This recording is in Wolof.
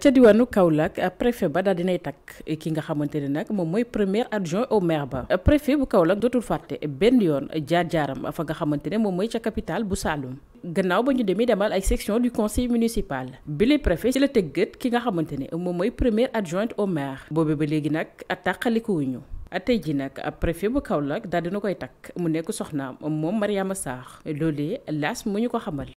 ca diwaanu Kaolack préfet ba daal dinay takk ki nga xamante ne nag moom mooy premier adjoint au maire ba préfet bu Kaolack dootul fàtte benn yoon jaar-jaaram a fa nga xamante ne moom mooy ca capital bu Saloum gannaaw ba ñu demee demal ay section du conseil municipal bi le préfet ci la tëggat ki nga xamante ne moom mooy premier adjoint au maire boobe ba léegi nag tàqalikuwuñu tey ji nag préfet bu Kaolack daal dina koy takk mu nekk soxnaam moom Mariama Sarr loolee laas mu ñu ko xamal